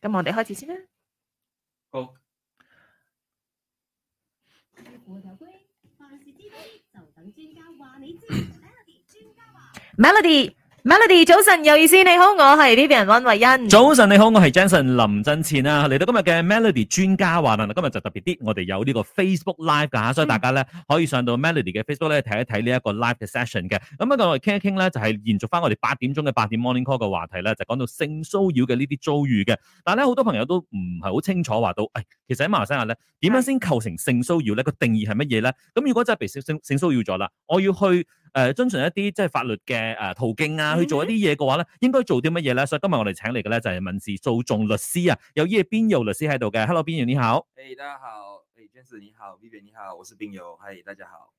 咁我哋開始先啦。好。Melody。Melody，早晨有意思，你好，我係 Livia 溫慧欣。早晨你好，我係 Jensen 林振前啊，嚟到今日嘅 Melody 專家話啦，今日就特別啲，我哋有呢個 Facebook Live 噶吓，所以大家咧、嗯、可以上到 Melody 嘅 Facebook 咧睇一睇呢一個 live session 嘅。咁啊，我哋傾一傾咧就係、是、延續翻我哋八點鐘嘅八點 Morning Call 嘅話題咧，就講到性騷擾嘅呢啲遭遇嘅。但係咧，好多朋友都唔係好清楚話到，誒、哎，其實喺馬來西亞咧點樣先構成性騷擾咧？個定義係乜嘢咧？咁如果真係被性性騷擾咗啦，我要去。誒，遵循一啲即係法律嘅途徑啊，去做一啲嘢嘅話咧，應該做啲乜嘢咧？所以今日我哋請嚟嘅咧就係民事訴訟律師啊，有呢個斌有律師喺度嘅。Hello，斌有你好。Hey，大家好。誒、hey，James，你好。Vivian 你好，我是斌有。嗨、hey，大家好。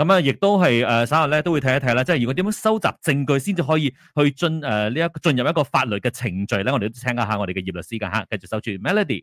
咁、嗯、啊，亦都係呃稍後咧都會睇一睇啦。即係如果點樣收集證據先至可以去進呃呢一進入一個法律嘅程序咧，我哋都請一下我哋嘅葉律師㗎吓，繼續收住 Melody。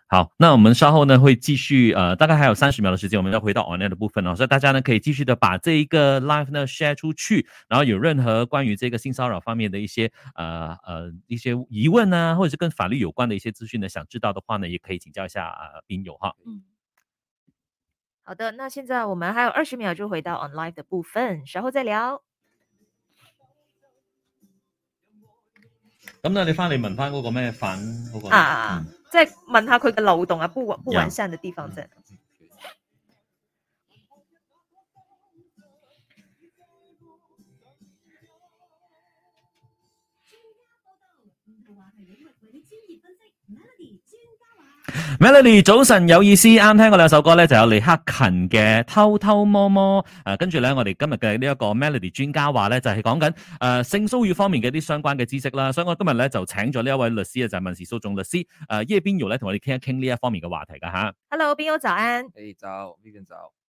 好，那我們稍後呢會繼續呃，大概還有三十秒的時間，我們要回到 online 的部分、哦、所以大家呢可以繼續的把這一個 live 呢 share 出去，然後有任何關於這個性騷擾方面的一些呃呃一些疑問呢、啊，或者是跟法律有關的一些資訊呢，想知道的話呢，也可以請教一下啊斌、呃、有哈、嗯。好的，那現在我們還有二十秒就回到 online 的部分，稍後再聊。咁咧，你翻嚟聞翻嗰個咩粉？啊啊！即係問下佢嘅漏洞啊，不不完善嘅地方啫。Yeah. Mm-hmm. Melody 早晨有意思，啱聽過兩首歌呢，就有李克勤嘅偷偷摸摸，誒，跟、呃、住呢，我哋今日嘅呢一個 Melody 專家話呢，就係講緊呃性騷擾方面嘅啲相關嘅知識啦，所以我今日呢，就請咗呢一位律師就係、是、民事訴訟律師，誒，葉斌有呢同我哋傾一傾呢一方面嘅話題㗎。Hello 斌有？早安。誒、hey, 早，呢邊早。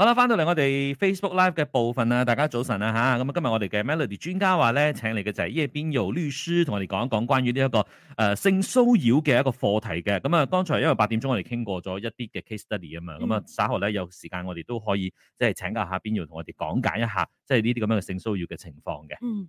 好啦，翻到嚟我哋 Facebook Live 嘅部分啊，大家早晨啦吓，咁啊今日我哋嘅 Melody 專家話咧，請嚟嘅就係葉斌有律師，同我哋講一講關於呢一個誒性騷擾嘅一個課題嘅。咁啊，剛才因為八點鐘我哋傾過咗一啲嘅 case study 啊嘛，咁、嗯、啊稍後咧有時間我哋都可以即係請教下斌有同我哋講解一下即係呢啲咁樣嘅性騷擾嘅情況嘅。嗯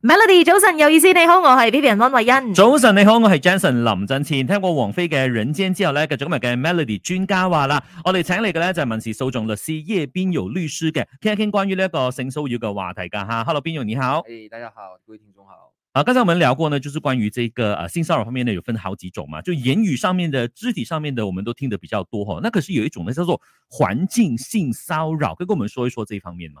Melody 早晨有意思，你好，我係 Vivian 安慧欣。早晨你好，我係 Jenson 林振前。聽過王菲嘅《人間》之後呢，繼續今日嘅 Melody 專家話啦，我哋請嚟嘅呢，就係、是、民事訴訟律師葉斌有律師嘅，傾一傾關於呢一個性騷擾嘅話題噶吓。Hello 斌有你好，誒、哎、大家好，各位聽眾好。啊，剛才我們聊過呢，就是關於這個啊、呃、性騷擾方面呢，有分好幾種嘛，就言語上面的、肢體上面的，我們都聽得比較多哈。那可是有一種呢叫做環境性騷擾，可以跟我們說一說呢一方面嗎？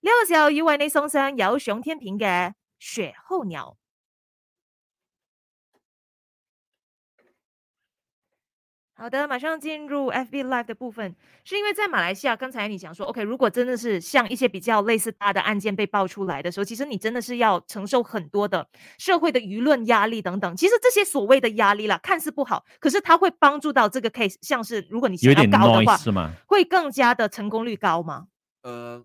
六個時候要送上有上天平嘅雪候鳥。好的，馬上進入 FB Live 的部分。是因為在馬來西亞，剛才你講說，OK，如果真的是像一些比較類似大的案件被爆出來的時候，其實你真的是要承受很多的社會的輿論壓力等等。其實這些所謂的壓力啦，看似不好，可是它會幫助到這個 case。像是如果你有點高的話，會更加的成功率高嗎？呃。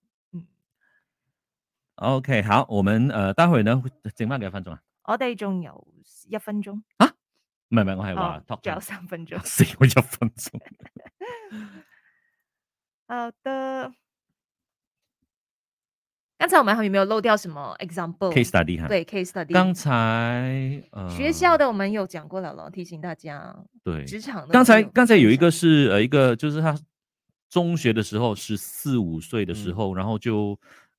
O、okay, K，好，我們呃，待會呢，剩翻幾多分鐘啊？我哋仲有一分鐘啊？唔係唔係，我係話仲有三分鐘，四分鐘。好的，剛 才我們還，有沒有漏掉什麼 example？case study，對 case study。剛才呃，學校的我們有講過了，咯，提醒大家。對，職場的職場。剛才剛才有一個是，呃，一個就是他中學的時候，十四五歲的時候、嗯，然後就。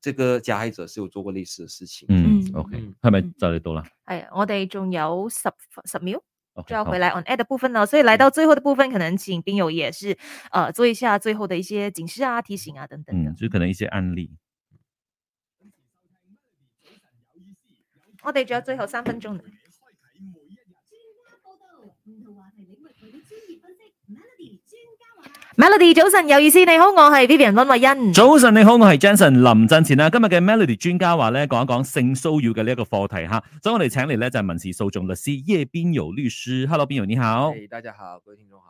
這個加害者是有做過類似的事情。嗯，嗯，OK，係咪就嚟到啦？係、嗯嗯哎，我哋仲有十十秒，就要、okay, 回來 on add 部分咯。所以來到最後的部分，可能請斌有也是，誒、呃，做一下最後的一些警示啊、提醒啊等等。嗯，就可能一些案例。我哋仲有最後三分鐘。Melody 早晨有意思，你好，我係 Vivian 温慧欣。早晨你好，我係 Jason 林振前啦。今日嘅 Melody 專家話咧，講一講性騷擾嘅呢一個課題哈。所以我哋請嚟咧就係民事訴訟律師葉斌有律師。Hello，斌有你好。誒，hey，大家好，各位聽眾好。